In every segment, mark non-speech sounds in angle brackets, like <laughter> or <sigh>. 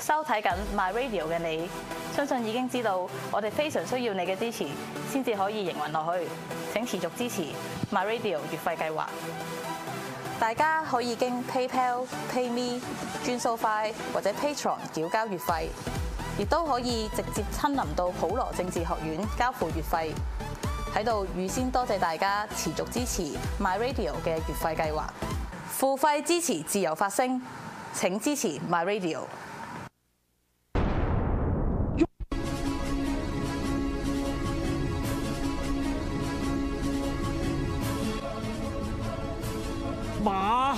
收睇緊 My Radio 嘅你，相信已經知道我哋非常需要你嘅支持，先至可以營運落去。請持續支持 My Radio 月費計劃。大家可以經 PayPal、PayMe、轉數快或者 Patreon 繳交月費，亦都可以直接親臨到普羅政治學院交付月費。喺度預先多謝大家持續支持 My Radio 嘅月費計劃。付費支持自由發聲，請支持 My Radio。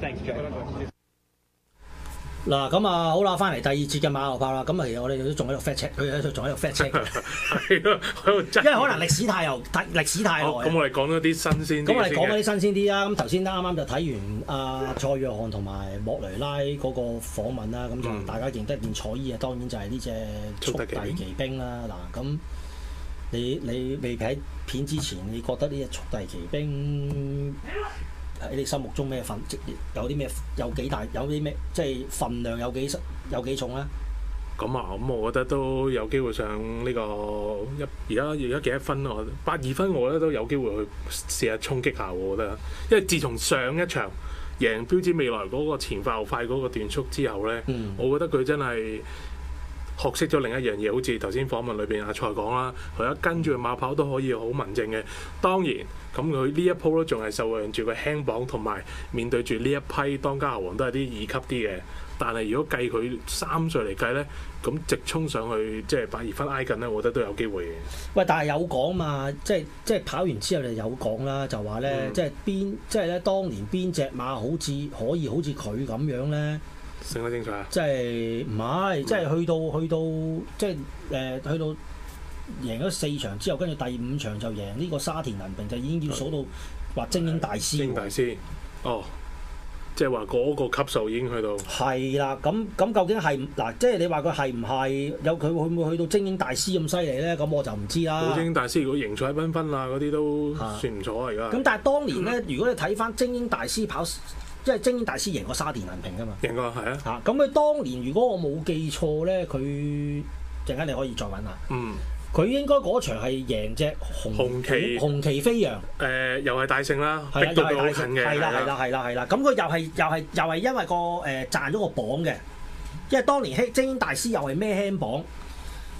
Thanks, Jeff. 嗱咁啊，好啦，翻嚟第二節嘅馬後砲啦。咁啊，其實我哋都仲喺度 fetch 佢喺度仲喺度 fetch 因為可能歷史太悠久，歷史太耐。咁、哦嗯、我哋講咗啲新鮮，咁我哋講咗啲新鮮啲啦。咁頭先啱啱就睇完阿蔡若翰同埋莫雷拉嗰個訪問啦。咁大家認得件彩衣啊？當然就係呢隻速遞奇兵啦。嗱咁、嗯啊，你你，你未睇片之前，你覺得呢隻速遞奇兵？喺你心目中咩份？有啲咩？有幾大？有啲咩？即係份量有幾有幾重呢啊？咁、嗯、啊，咁我覺得都有機會上呢、這個一而家而家幾多分咯？八二分我咧都有機會去試下衝擊下，我覺得。因為自從上一場贏標誌未來嗰個前快後快嗰個段速之後咧，嗯、我覺得佢真係學識咗另一樣嘢，好似頭先訪問裏邊阿蔡講啦，佢一跟住馬跑都可以好文靜嘅。當然，咁佢呢一鋪都仲係受讓住個輕磅，同埋面對住呢一批當家猴王都係啲二級啲嘅。但係如果計佢三歲嚟計咧，咁直衝上去即係、就是、百二分挨近咧，我覺得都有機會嘅。喂，但係有講嘛？即係即係跑完之後就有講啦，就話咧、嗯，即係邊即係咧，當年邊隻馬好似可以好似佢咁樣咧？成個精彩啊！即係唔係？即係去到去到即係誒去到贏咗四場之後，跟住第五場就贏呢個沙田銀瓶就已經要數到話精英大師。精英大師哦，即係話嗰個級數已經去到。係啦，咁咁究竟係嗱？即係你話佢係唔係有佢會唔會去到精英大師咁犀利咧？咁我就唔知啦。精英大師如果絢彩繽紛啊嗰啲都算唔錯啊！而家。咁但係當年咧，嗯、如果你睇翻精英大師跑。即係精英大師贏過沙田銀平㗎嘛？贏過係啊！嚇，咁佢當年如果我冇記錯咧，佢陣間你可以再揾下。嗯，佢應該嗰場係贏隻紅旗，紅旗飛揚。誒，又係大勝啦，逼到佢近嘅。係啦係啦係啦係啦，咁佢又係又係又係因為個誒賺咗個榜嘅，因為當年輕精英大師又係咩輕榜，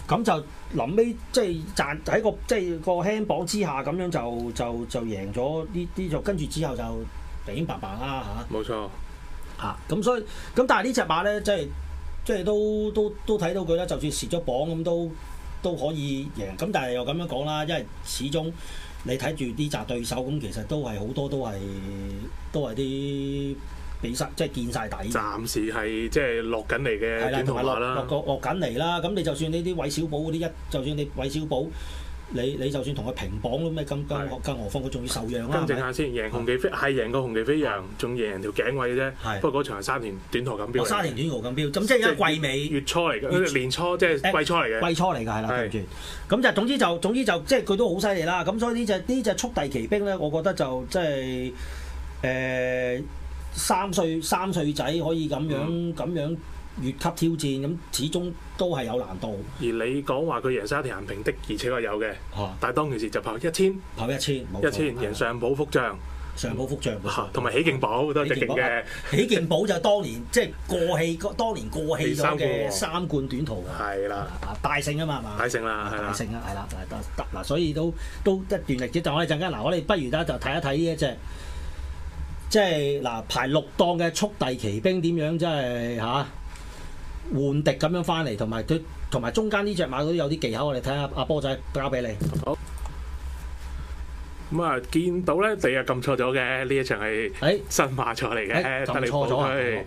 咁就臨尾即係賺喺個即係個輕榜之下咁樣就就就贏咗呢啲，就跟住之後就。頂白白啦，嚇，冇、啊、錯嚇，咁、啊、所以咁，但係呢隻馬咧，即係即係都都都睇到佢啦，就算蝕咗磅咁都都可以贏。咁但係又咁樣講啦，因為始終你睇住啲扎對手咁，其實都係好多都係都係啲比曬即係見晒底。暫時係即係落緊嚟嘅點同落落落緊嚟啦。咁你就算呢啲韋小寶嗰啲一，就算你韋小寶。你你就算同佢平榜都咩咁，更何更何況佢仲要受讓啦。更正下先，贏紅旗飛係贏過紅旗飛揚，仲贏人條頸位啫。不過嗰場沙田短途錦標，沙田短途錦標，咁即係而家季尾月初嚟嘅，年初即係季初嚟嘅。季初嚟嘅，係啦，咁就總之就總之就即係佢都好犀利啦。咁所以呢隻呢隻速遞奇兵咧，我覺得就即係誒三歲三歲仔可以咁樣咁樣。越級挑戰咁，始終都係有難度。而你講話佢贏沙田銀平的，而且係有嘅。啊、但係當其時就跑一，跑一千，跑一千，一千贏上保福將，嗯、上保福將同埋喜勁寶都係勁嘅。喜勁寶 <laughs> 就當年即係、就是、過氣，當年過氣咗嘅三冠短途嘅係啦，大勝，嘛勝啊嘛，大勝啦，係啦、啊，大勝啦，係啦，嗱，所以都所以都，都以一段歷史。但我哋陣間嗱，我哋不如咧就睇一睇呢一隻，即係嗱排六檔嘅速遞奇兵點樣，即係嚇。啊換迪咁樣翻嚟，同埋佢同埋中間呢隻馬都有啲技巧，我哋睇下阿波仔，交俾你。好。咁啊，見到咧，你又撳錯咗嘅，呢一場係新馬賽嚟嘅，撳錯咗。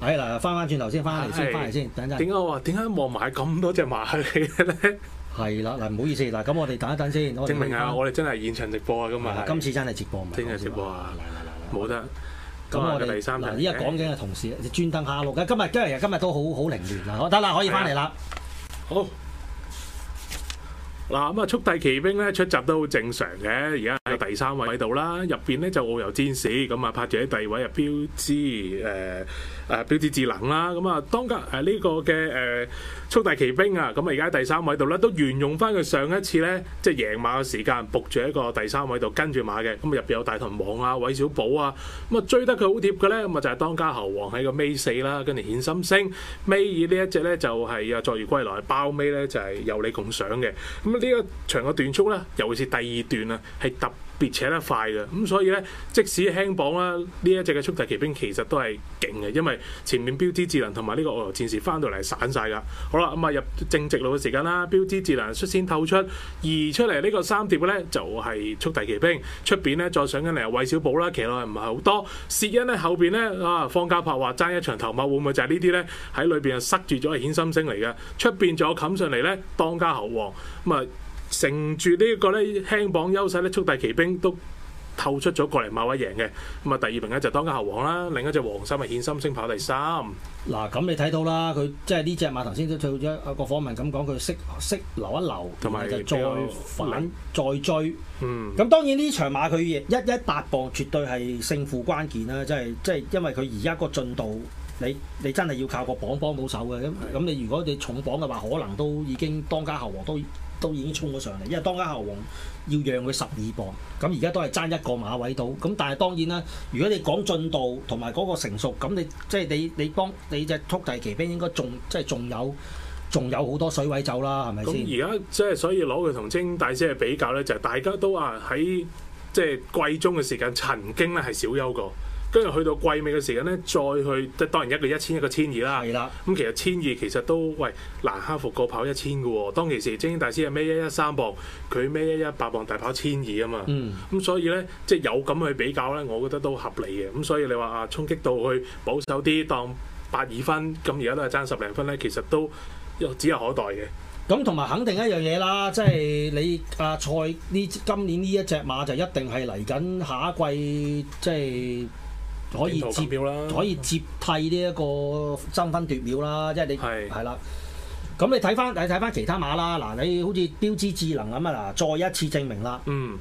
哎嗱，翻翻轉頭先，翻嚟先，翻嚟先，等陣。點解我話？點解望埋咁多隻馬嚟咧？係啦，嗱，唔好意思，嗱，咁我哋等一等先。證明下我哋真係現場直播啊，咁啊，今次真係直播唔係。現場直播啊，冇得。咁我哋、嗯、第三位。嗱，依家講緊嘅同事，專登下路嘅。今日今日今日都好好凌亂啦，好得啦，可以翻嚟啦。好。嗱，咁啊，速遞奇兵咧出閘都好正常嘅。而家喺第三位度啦，入邊咧就遨遊戰士咁啊，拍住喺第二位入標誌誒。誒標致智能啦，咁啊當家誒呢、啊這個嘅誒、啊、速遞奇兵啊，咁啊而家喺第三位度咧，都沿用翻佢上一次咧，即係贏馬嘅時間，伏住喺個第三位度跟住馬嘅，咁啊入邊有大鵬王啊、韋小寶啊，咁啊追得佢好貼嘅咧，咁啊就係、是、當家猴王喺個尾四啦，跟、啊、住顯心星尾二呢一隻咧就係、是、啊作業歸來包尾咧就係、是、有你共賞嘅，咁啊，啊一場呢個長嘅段速咧，尤其是第二段啊係特別。別扯得快嘅，咁所以咧，即使輕磅啦，呢一隻嘅速遞奇兵其實都係勁嘅，因為前面標誌智能同埋呢個愛國戰士翻到嚟散晒噶。好啦，咁啊入正直路嘅時間啦，標誌智能率先透出移出嚟，呢個三疊嘅咧就係速遞奇兵，出邊咧再上緊嚟韋小寶啦，騎落唔係好多。薛因咧後邊咧啊，方家柏話爭一場頭馬，會唔會就係呢啲咧喺裏邊啊塞住咗顯心星嚟嘅？出邊仲有冚上嚟咧，當家猴王咁啊！嗯乘住呢個咧輕磅優勢咧，速遞奇兵都透出咗過嚟馬位贏嘅。咁啊第二名咧就當家後王啦，另一隻黃心咪顯心星跑第三。嗱咁、啊、你睇到啦，佢即係呢隻馬頭先都做咗一個訪問咁講，佢識識留一留，同埋就再反再追。嗯，咁當然呢場馬佢一一八磅絕對係勝負關鍵啦，即係即係因為佢而家個進度，你你，你真係要靠個磅幫到手嘅。咁咁你如果你重磅嘅話，可能都已經當家後王，王都。都已經衝咗上嚟，因為當家侯王要讓佢十二磅，咁而家都係爭一個馬位到。咁但係當然啦，如果你講進度同埋嗰個成熟，咁你即係、就是、你你幫你隻突地騎兵應該仲即係仲有仲、就是、有好多水位走啦，係咪先？咁而家即係所以攞佢同清大師去比較咧，就係、是、大家都話喺即係季中嘅時間曾經咧係小休過。跟住去到季尾嘅時間咧，再去即係當然一個一千，一個千二啦。係啦。咁 <noise> 其實千二其實都喂難克服過跑一千嘅喎。當其時精英大師係咩一一三磅，佢咩一一八磅大跑千二啊嘛。嗯。咁所以咧，即係有咁去比較咧，我覺得都合理嘅。咁所以你話啊，衝擊到去保守啲當八二分，咁而家都係爭十零分咧，其實都指日可待嘅。咁同埋肯定一樣嘢啦，即、就、係、是、你阿、啊、蔡呢今年呢一隻馬就一定係嚟緊下一季即係。就是可以接可以接替呢一個爭分奪秒啦，即係你係啦。咁是的 你睇翻你睇翻其他馬啦，嗱你好似標誌智能咁啊，嗱再一次證明啦。嗯，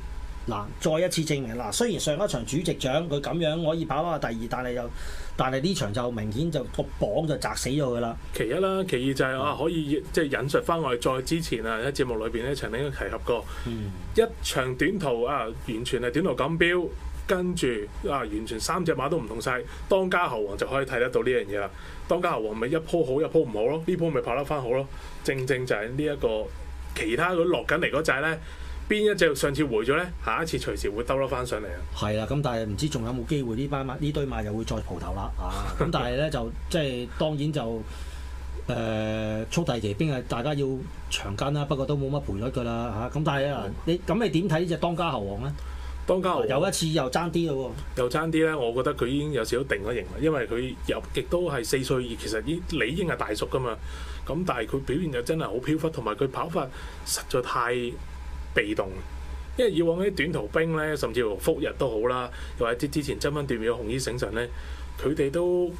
嗱再一次證明啦。雖然上一場主席獎佢咁樣可以跑翻第二，但係又但係呢場就明顯就個榜就砸死咗佢啦。其一啦，其二就係、是嗯、啊可以即係、就是、引述翻我哋再之前啊喺節目裏邊咧曾經提及過，嗯、一場短途啊完全係短途錦標。跟住啊，完全三隻馬都唔同晒。當家猴王就可以睇得到呢樣嘢啦。當家猴王咪一鋪好一鋪唔好咯，呢鋪咪跑得翻好咯。正正就係呢一個其他佢落緊嚟嗰隻咧，邊一隻上次回咗咧，下一次隨時會兜得翻上嚟啊！係啊，咁但係唔知仲有冇機會呢班馬呢堆馬又會再蒲頭啦啊！咁但係咧 <laughs> 就即係當然就誒、呃、速遞奇兵啊，大家要長跟啦，不過都冇乜賠率噶啦嚇。咁但係啊，呢你咁你點睇呢隻當家猴王咧？當家、啊、有一次又爭啲咯喎，又爭啲咧，我覺得佢已經有少少定咗型啦，因為佢又亦都係四歲，其實已經理應係大叔噶嘛。咁但係佢表現又真係好飄忽，同埋佢跑法實在太被動。因為以往啲短途兵咧，甚至乎復日都好啦，又或者之前爭分奪秒嘅紅衣醒神咧，佢哋都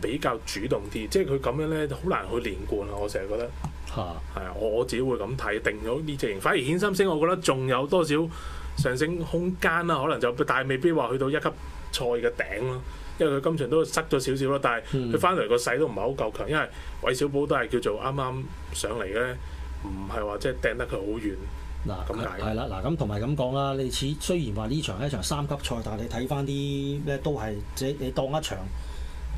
比較主動啲，嗯、即係佢咁樣咧，好難去連貫啊！我成日覺得嚇係啊，我我自己會咁睇定咗呢隻型，反而顯心星，我覺得仲有多少少。上升空間啦，可能就但係未必話去到一級賽嘅頂咯，因為佢今場都塞咗少少咯。但係佢翻嚟個勢都唔係好夠強，因為韋小寶都係叫做啱啱上嚟咧，唔係話即係掟得佢好遠。嗱咁解係啦，嗱咁同埋咁講啦，你似雖然話呢場係一場三級賽，但係你睇翻啲咩都係即係你當一場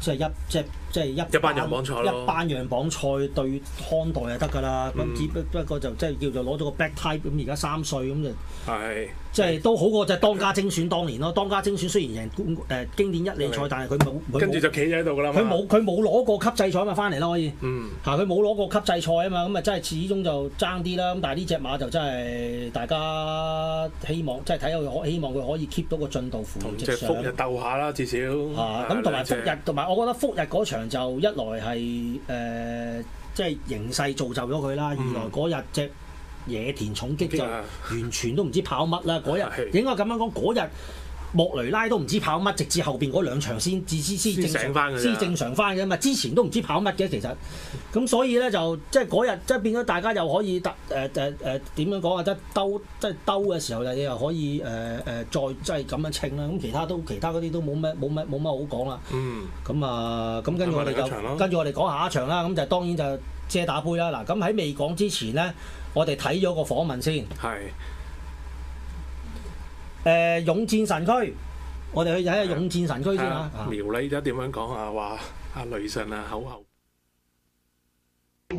即係、即係、一即係即係一班一班讓磅賽，一班讓磅賽對看待就得㗎啦。咁只不不過就即、係、係叫做攞咗個 black type，咁而家三歲咁就係。是即係都好過，就當家精選當年咯。當家精選雖然贏冠誒經典一哩賽，但係佢冇，跟住就企咗喺度㗎啦。佢冇佢冇攞過級制賽嘛，翻嚟啦可以。嗯、啊。佢冇攞過級制賽啊嘛，咁咪真係始終就爭啲啦。咁但係呢隻馬就真係大家希望，即係睇下我可希望佢可以 keep 到個進度，扶搖直上。同隻復日鬥下啦，至少。咁同埋復日，同、嗯、埋隻我覺得復日嗰場就一來係誒，即、呃、係、就是、形勢造就咗佢啦。嗯、二來嗰日隻。野田重擊就完全都唔知跑乜啦！嗰日應該咁樣講，嗰日莫雷拉都唔知跑乜，直至後邊嗰兩場先，先正常翻嘅，先正常翻嘅嘛。之前都唔知跑乜嘅，其實咁所以咧就即係嗰日即係變咗大家又可以特誒誒誒點樣講啊？得兜即係兜嘅時候咧，你又可以誒誒再即係咁樣稱啦。咁其他都其他嗰啲都冇乜冇乜冇乜好講啦。嗯，咁啊，咁跟住我哋就跟住我哋講下一場啦。咁就當然就遮打杯啦。嗱，咁喺未講之前咧。我哋睇咗個訪問先是。係、呃。誒勇戰神區，我哋去睇下勇戰神區先啊，啊。苗，你而家點樣講啊？話啊，女神啊，口號。口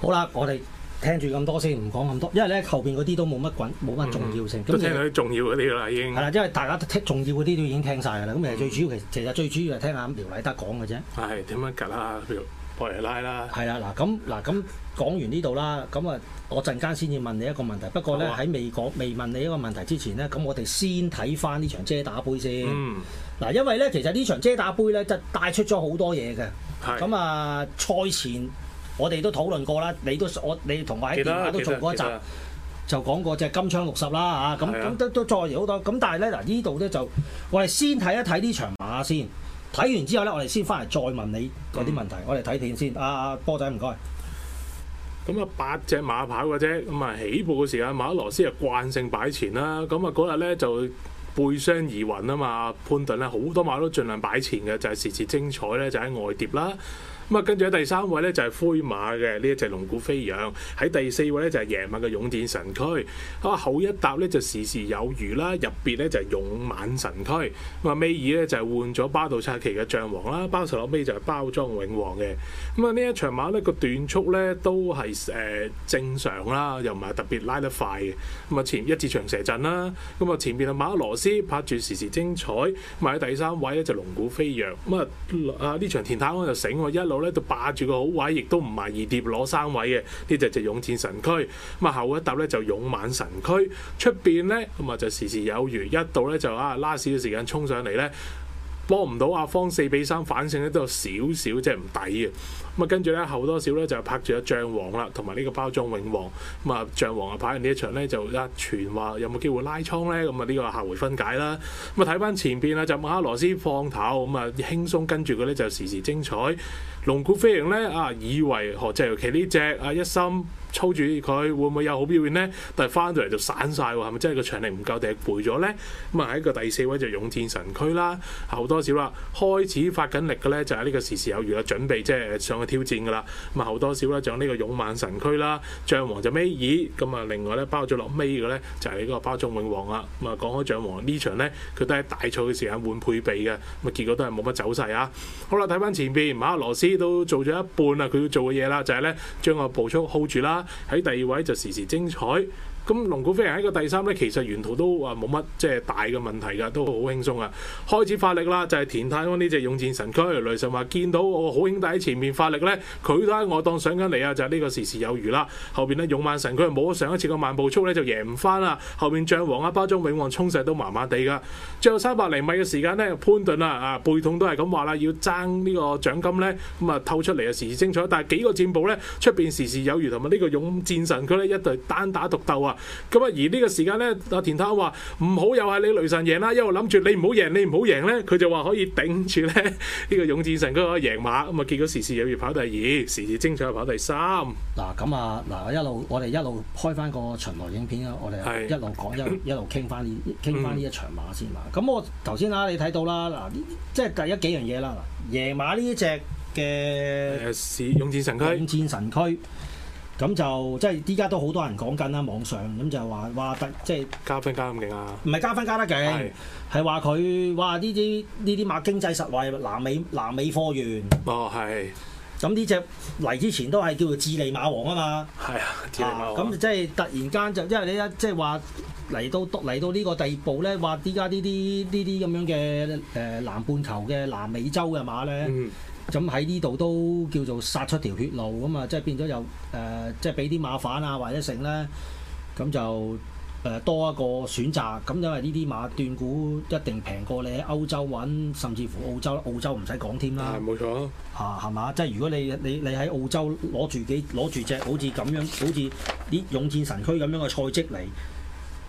好啦，我哋聽住咁多先，唔講咁多，因為咧後邊嗰啲都冇乜滾，冇乜重要性。嗯、都聽嗰啲重要嗰啲啦，已經。係啦，因為大家都聽重要嗰啲都已經聽晒㗎啦。咁、嗯、其實最主要，其實最主要係聽下苗禮德講嘅啫。係點、哎、樣？吉拉、博耶拉啦。係、啊、啦，嗱咁嗱咁講完呢度啦，咁啊，我陣間先至問你一個問題。不過咧，喺、啊、未講未問你一個問題之前咧，咁我哋先睇翻呢場遮打杯先。嗱、嗯，因為咧，其實呢場遮打杯咧，就帶出咗好多嘢嘅。咁的啊，賽前。我哋都討論過啦，你都我你同我喺電話都做過一集，就講過隻金槍六十啦嚇，咁咁的都都再好多，咁但係咧嗱，呢度咧就我哋先睇一睇呢場馬先，睇完之後咧，我哋先翻嚟再問你嗰啲問題，嗯、我哋睇片先。阿、啊、波仔唔該，咁啊八隻馬跑嘅啫，咁啊起步嘅時間，馬德羅斯啊慣性擺前啦，咁啊嗰日咧就背傷疑雲啊嘛，潘頓咧好多馬都盡量擺前嘅，就係、是、時時精彩咧，就喺外碟啦。咁啊，跟住喺第三位咧就係灰馬嘅呢一隻龍骨飛揚，喺第四位咧就係夜晚嘅勇戰神駒，啊後一搭咧就時時有餘啦，入邊咧就係勇猛神駒，咁啊尾二咧就係換咗巴杜薩奇嘅象王啦，包上落尾就係包裝永王嘅。咁啊呢一場馬咧個斷速咧都係誒正常啦，又唔係特別拉得快嘅。咁啊前一節長蛇陣啦，咁啊前邊啊馬克斯拍住時時精彩，咁啊喺第三位咧就龍骨飛揚，咁啊啊呢場田泰安就醒我一路。咧就霸住個好位，亦都唔係二碟攞三位嘅，呢隻隻勇戰神區。咁啊後一搭咧就勇猛神區，出邊咧，咁啊就時時有餘，一度咧就啊拉屎嘅時間衝上嚟咧，幫唔到阿方四比三反勝咧，都有少少即係唔抵嘅。咁啊跟住咧後多少咧就拍住阿將王啦，同埋呢個包裝永王。咁啊將王啊拍完呢一場咧就一傳話有冇機會拉倉咧？咁啊呢個下回分解啦。咁啊睇翻前邊啊就馬克羅斯放頭，咁啊輕鬆跟住佢咧就時，時時精彩。龍鼓飛揚咧，啊以為何隻？尤其呢隻啊，一心操住佢會唔會有好表現呢？但係翻到嚟就散晒喎，係咪真係個場力唔夠定係攰咗咧？咁啊喺個第四位就勇戰神區啦，後多少啦，開始發緊力嘅咧就係呢個時時有餘嘅準備，即係上去挑戰㗎啦。咁啊後多少啦，就呢個勇猛神區啦，將王就尾二，咁啊另外咧包咗落尾嘅咧就係呢個包中永王啊。咁啊講開將王呢場咧，佢都喺大賽嘅時間換配備嘅，咁啊結果都係冇乜走勢啊。好啦，睇翻前邊馬克羅斯。都做咗一半啦，佢要做嘅嘢啦，就係咧將個步速 hold 住啦，喺第二位就時時精彩。咁龍股飛行喺個第三咧，其實沿途都話冇乜即係大嘅問題㗎，都好輕鬆啊。開始發力啦，就係、是、田泰安呢隻勇戰神佢，雷神話見到我好兄弟喺前面發力咧，佢都喺我當上緊嚟啊！就係、是、呢個時時有餘啦。後邊咧勇猛神佢冇上一次個慢步速咧就贏唔翻啦。後邊將王啊巴中永旺，衝勢都麻麻地㗎。最後三百厘米嘅時間咧，潘頓啊啊背痛都係咁話啦，要爭呢個獎金咧咁啊透出嚟啊時時精彩。但係幾個戰步咧出邊時時有餘同埋呢個勇戰神佢咧一對單打獨鬥啊！咁啊！而呢個時間咧，阿田太話唔好又係你雷神贏啦，一路諗住你唔好贏，你唔好贏咧，佢就話可以頂住咧呢個勇戰神區贏馬咁啊！結果時時又要跑第二，時時精彩又跑第三。嗱咁啊，嗱一路我哋一路開翻個巡邏影片啊，我哋一路講是一路一路傾翻傾翻呢一場馬先嘛。咁 <laughs> 我頭先啦，你睇到啦，嗱，即係第一幾樣嘢啦。贏馬呢隻嘅勇戰神區。勇戰神區咁就即係依家都好多人講緊啦，網上咁就話話得即係加分加咁勁啊！唔係加分加得勁，係話佢哇呢啲呢啲馬經濟實惠，南美南美貨源。哦，係。咁呢隻嚟之前都係叫做智利馬王啊嘛。係啊，智利馬。咁即係突然間就因為你一即係話嚟到嚟到呢個地步咧，話依家呢啲呢啲咁樣嘅誒南半球嘅南美洲嘅馬咧。嗯咁喺呢度都叫做殺出條血路咁啊！即係變咗又誒，即係俾啲馬反啊，或者剩咧，咁就誒、呃、多一個選擇。咁因為呢啲馬斷估一定平過你喺歐洲揾，甚至乎澳洲，澳洲唔使講添啦。係冇、啊、錯嚇，係嘛、啊？即係如果你你你喺澳洲攞住幾攞住隻好似咁樣，好似啲勇戰神區咁樣嘅賽績嚟，誒、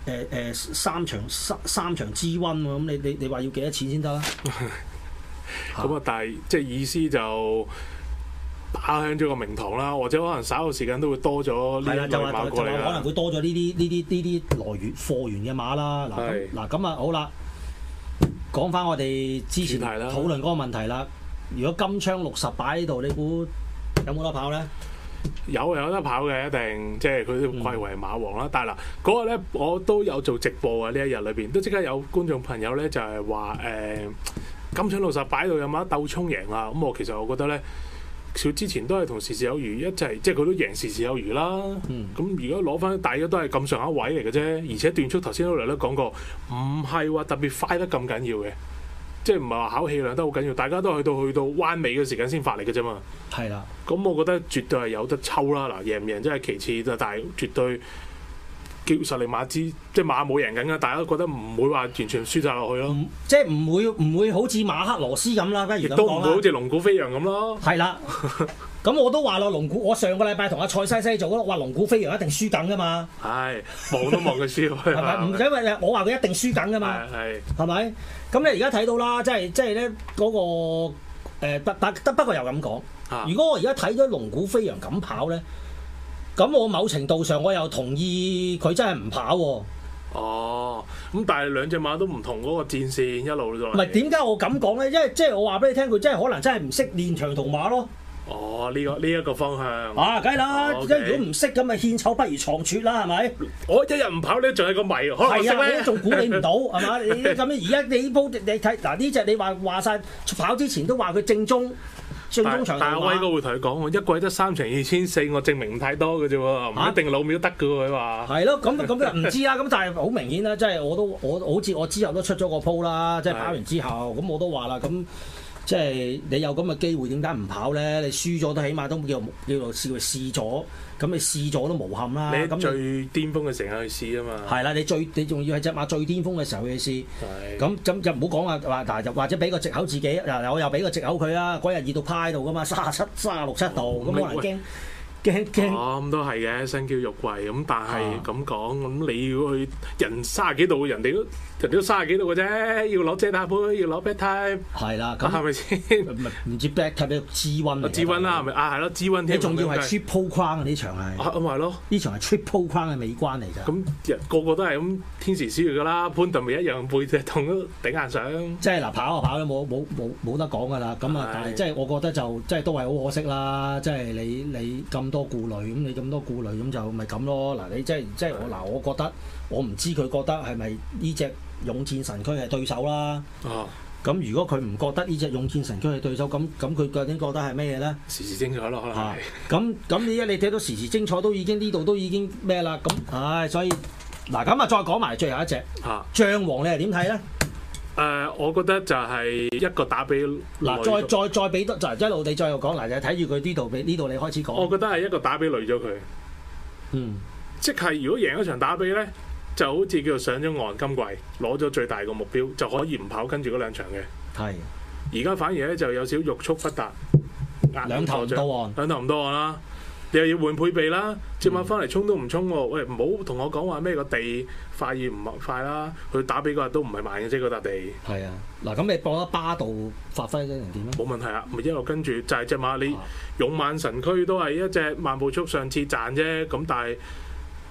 呃、誒、呃、三場三三場之溫喎，咁你你你話要幾多錢先得啦？ <laughs> 咁啊！但係即係意思就打響咗個名堂啦，或者可能稍後時間都會多咗呢啲馬過嚟啦。就係可能會多咗呢啲呢啲呢啲來源貨源嘅馬啦。嗱咁嗱咁啊好啦，講翻我哋之前討論嗰個問題啦。如果金槍六十擺喺度，你估有冇得跑咧？有有得跑嘅，一定即係佢都貴為馬王啦。嗯、但係嗱，嗰個咧我都有做直播啊。呢一日裏邊都即刻有觀眾朋友咧，就係話誒。呃呃金春老實擺到有冇得鬥衝贏啊？咁我其實我覺得咧，佢之前都係同時時有餘一齊，即係佢都贏時時有餘啦。咁如果攞翻，大家都係咁上一位嚟嘅啫。而且段速頭先都嚟都講過，唔係話特別快得咁緊要嘅，即係唔係話考氣量得好緊要。大家都去到去到彎尾嘅時間先發力嘅啫嘛。係啦是的、嗯。咁我覺得絕對係有得抽啦。嗱，贏唔贏即係其次啦，但係絕對。叫實力馬之即係馬冇贏緊噶，大家都覺得唔會話完全輸晒落去咯。即係唔會唔會好似馬克羅斯咁啦，如不如咁都唔會好似龍鼓飛揚咁咯。係啦， <laughs> 咁我都話咯，龍鼓我上個禮拜同阿蔡西西做咯，話龍鼓飛揚一定輸緊噶嘛。係望都望佢輸，係咪唔想咪？的的我話佢一定輸緊噶嘛，係咪？咁的你而家睇到啦，即係即係咧嗰個誒，不不不不過又咁講。如果我而家睇咗龍鼓飛揚咁跑咧？咁我某程度上我又同意佢真係唔跑喎、哦。哦，咁但係兩隻馬都唔同嗰個戰線一路咗。唔係點解我咁講咧？因為即係我話俾你聽，佢真係可能真係唔識練長同馬咯。哦，呢、這個呢一、這個方向。啊，梗係啦，即係、哦 okay、如果唔識咁咪獻醜不如藏拙啦，係咪？我一日唔跑咧，仲係個迷，可能識咧，仲估你唔到係嘛？ <laughs> 你咁樣而家你呢鋪你睇嗱呢隻你話話晒，跑之前都話佢正宗。但係，阿威都會同佢講喎，一季得三成二千四，我證明唔太多嘅啫喎，唔一定老廟得嘅喎，佢話。係咯，咁咁就唔知啊，咁但係好明顯啦，即係我都我好似我之後都出咗個鋪啦，即係跑完之後，咁是的 我都話啦咁。即係你有咁嘅機會，點解唔跑咧？你輸咗都起碼都叫做叫做試，試咗咁你試咗都無憾啦。你喺最巔峰嘅時候去試啊嘛。係啦，你最你仲要係隻馬最巔峰嘅時候去試。咁咁又唔好講啊！話嗱，或者俾個藉口自己嗱，我又俾個藉口佢啦。嗰日熱到派到噶嘛，三十七、三十六七度，咁我嚟驚。嗯咁都係嘅，身焦肉貴咁，但係咁講咁，你要去人卅幾度，人哋都人哋都卅幾度嘅啫，要攞遮打杯，要攞 b a d tie，m 係啦，係咪先？唔唔接 b a d tie m 要滋溫嚟，滋溫啦，係咪啊？係咯，智溫。你仲要係 tripple 框嗰啲場係，咁咪咯？呢場係 tripple 框嘅美冠嚟㗎。咁人個個都係咁天時使月㗎啦，Punter 咪一樣背脊痛都頂硬上。即係嗱，跑啊跑啦，冇冇冇冇得講㗎啦。咁啊，但係即係我覺得就即係都係好可惜啦。即係你你咁。多顧慮，咁你咁多顧慮，咁就咪咁咯。嗱，你即係即係我嗱，我覺得我唔知佢覺得係咪呢隻勇戰神區係對手啦、啊。哦、啊，咁如果佢唔覺得呢隻勇戰神區係對手，咁咁佢究竟覺得係咩嘢咧？時時精彩咯，可能係。咁咁依家你睇到時時精彩都已經呢度都已經咩啦？咁唉、啊，所以嗱，咁啊再講埋最後一隻。啊，張王你係點睇咧？誒、呃，我覺得就係一個打比嗱再，再再再俾得，就一路地再續講嗱，就睇住佢呢度，呢度你開始講。我覺得係一個打比累咗佢，嗯，即係如果贏一場打比咧，就好似叫做上咗岸金，今季攞咗最大個目標，就可以唔跑跟住嗰兩場嘅。係是，而家反而咧就有少少欲速不達，兩頭唔到岸，兩頭唔到岸啦。又要換配備啦，隻馬翻嚟衝都唔衝喎、啊。喂，唔好同我講話咩個地快而唔快啦，佢打比價都唔係慢嘅啫，嗰笪地。係啊，嗱，咁你博一巴道發揮咗點啊？冇問題啊，咪一路跟住，就係、是、隻馬你勇猛神驅都係一隻慢步速，上次賺啫，咁但係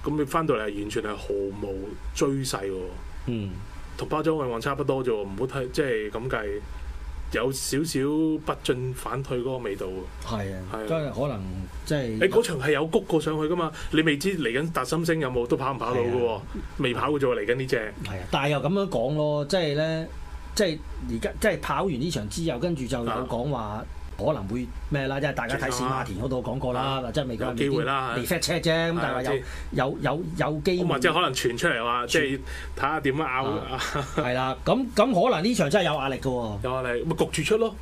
咁你翻到嚟係完全係毫無追勢嘅。嗯，同包裝外望差不多啫喎，唔好睇，即係咁計。有少少不進反退嗰個味道喎，係啊，啊即係可能即係，誒嗰場係有谷過上去噶嘛，你未知嚟緊達心星有冇都跑唔跑到嘅喎、啊，啊、未跑過啫喎嚟緊呢隻，係啊，但係又咁樣講咯，即係咧，即係而家即係跑完呢場之後，跟住就有講話。可能會咩啦？即係大家睇史馬田嗰度講過啦，嗱，即係未夠機會啦，未 fit 車啫。咁但係有有有有機會。咁或者可能傳出嚟話，即係睇下點樣拗嘅。係啦，咁咁可能呢場真係有壓力嘅喎。有壓力，咪焗住出咯。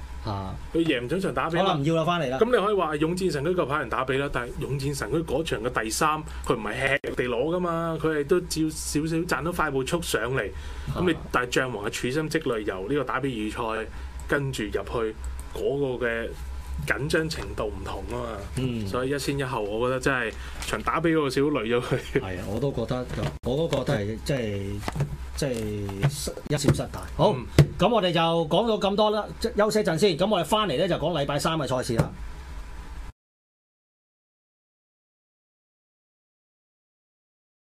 佢贏唔準場打比。可能唔要啦，翻嚟啦。咁你可以話勇戰神嗰嚿牌人打比啦，但係勇戰神嗰場嘅第三，佢唔係吃地攞噶嘛，佢係都照少少賺到快步速上嚟。咁你但係將王嘅處心積慮由呢個打比預賽跟住入去。嗰個嘅緊張程度唔同啊嘛，嗯、所以一先一後，我覺得真係場打俾嗰個少累咗佢。係啊，我都覺得我都覺得，係、嗯、即係即係失因小失大。好，咁、嗯、我哋就講到咁多啦，即休息一陣先。咁我哋翻嚟咧就講禮拜三嘅賽事啦。